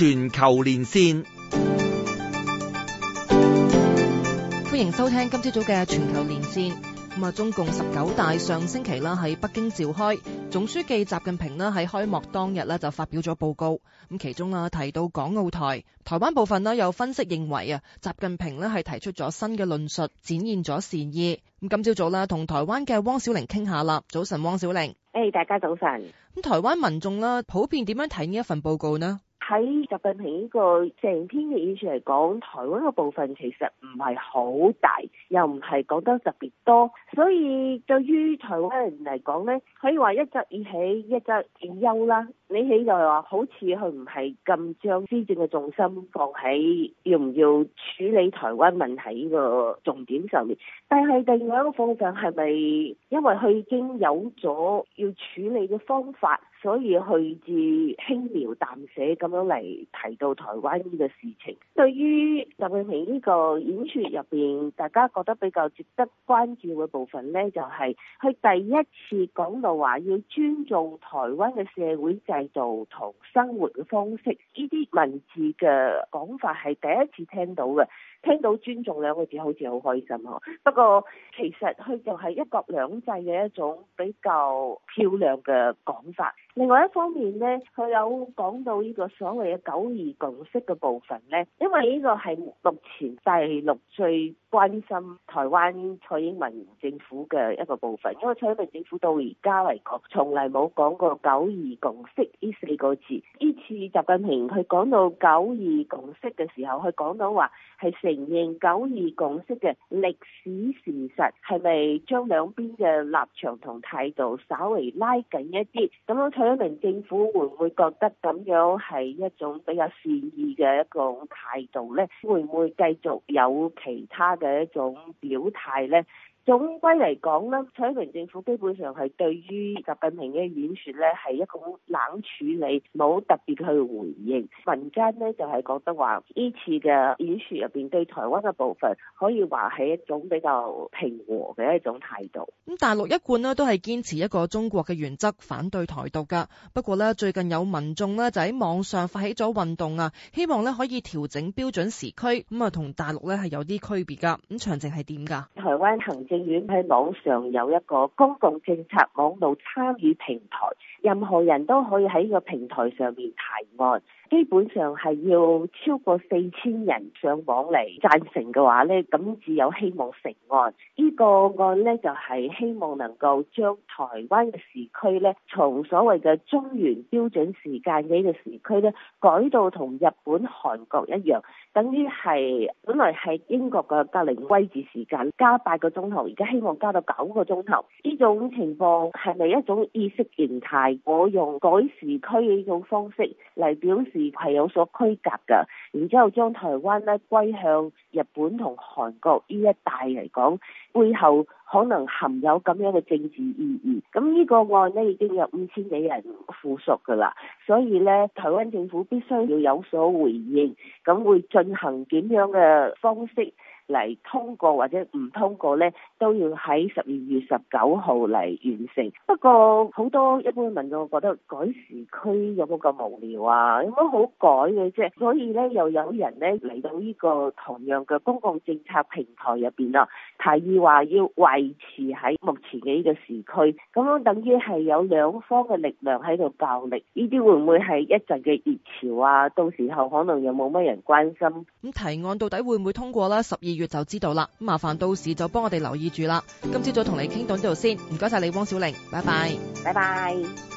全球連線，歡迎收聽今朝早嘅全球連線。咁啊，中共十九大上星期啦喺北京召開，總書記習近平啦喺開幕當日咧就發表咗報告。咁其中啦提到港澳台台灣部分咧，有分析認為啊，習近平咧係提出咗新嘅論述，展現咗善意。咁今朝早咧同台灣嘅汪小玲傾下啦。早晨，汪小玲，誒，hey, 大家早晨。咁台灣民眾啦，普遍點樣睇呢一份報告呢？喺習近平呢個成篇嘅演説嚟講，台灣嘅部分其實唔係好大，又唔係講得特別多，所以對於台灣人嚟講咧，可以話一則以喜一則以憂啦。你喜就係話好似佢唔係咁將施政嘅重心放喺要唔要處理台灣問題呢個重點上面，但係另外一個方向係咪因為佢已經有咗要處理嘅方法，所以去至輕描淡寫咁樣？都嚟提到台灣呢個事情，對於習近平呢個演說入邊，大家覺得比較值得關注嘅部分咧，就係、是、佢第一次講到話要尊重台灣嘅社會制度同生活嘅方式，呢啲文字嘅講法係第一次聽到嘅，聽到尊重兩個字好似好開心嗬，不過其實佢就係一國兩制嘅一種比較漂亮嘅講法。另外一方面呢，佢有講到呢個所謂嘅九二共識嘅部分呢，因為呢個係目前大陸最關心台灣蔡英文政府嘅一個部分，因為蔡英文政府到而家為國從來冇講過九二共識呢四個字，呢次習近平佢講到九二共識嘅時候，佢講到話係承認九二共識嘅歷史事實，係咪將兩邊嘅立場同態度稍微拉緊一啲咁樣？香明政府會唔會覺得咁樣係一種比較善意嘅一種態度咧？會唔會繼續有其他嘅一種表態咧？總歸嚟講呢蔡英文政府基本上係對於習近平嘅演説呢係一種冷處理，冇特別去回應。民間呢就係覺得話，呢次嘅演説入邊對台灣嘅部分，可以話係一種比較平和嘅一種態度。咁大陸一貫呢都係堅持一個中國嘅原則，反對台獨㗎。不過呢，最近有民眾呢就喺網上發起咗運動啊，希望呢可以調整標準時區，咁啊同大陸呢係有啲區別㗎。咁詳情係點㗎？台灣行政院喺網上有一個公共政策網路參與平台，任何人都可以喺個平台上面提案。基本上係要超過四千人上網嚟贊成嘅話咧，咁至有希望成案。呢、這個案咧就係、是、希望能夠將台灣嘅時區咧，從所謂嘅中原標準時間嘅呢個時區咧，改到同日本、韓國一樣，等於係本來係英國嘅格林威治時間加八個鐘頭。而家希望加到九個鐘頭，呢種情況係咪一種意識形態，我用改時區嘅呢種方式嚟表示係有所區隔噶然之後將台灣咧歸向日本同韓國呢一帶嚟講，背後可能含有咁樣嘅政治意義，咁呢個案咧已經有五千幾人附屬噶啦，所以咧台灣政府必須要有所回應，咁會進行點樣嘅方式？嚟通過或者唔通過呢，都要喺十二月十九號嚟完成。不過好多一般民眾覺得改時區有冇咁無聊啊？有冇好改嘅啫？所以呢，又有人呢嚟到呢個同樣嘅公共政策平台入邊啦，提議話要維持喺目前嘅呢個時區。咁樣等於係有兩方嘅力量喺度較力。呢啲會唔會係一陣嘅熱潮啊？到時候可能又冇乜人關心。咁提案到底會唔會通過啦？十二月就知道啦，咁麻煩到時就幫我哋留意住啦。今朝早同你傾到呢度先，唔該晒你，汪小玲，拜拜，拜 拜樂。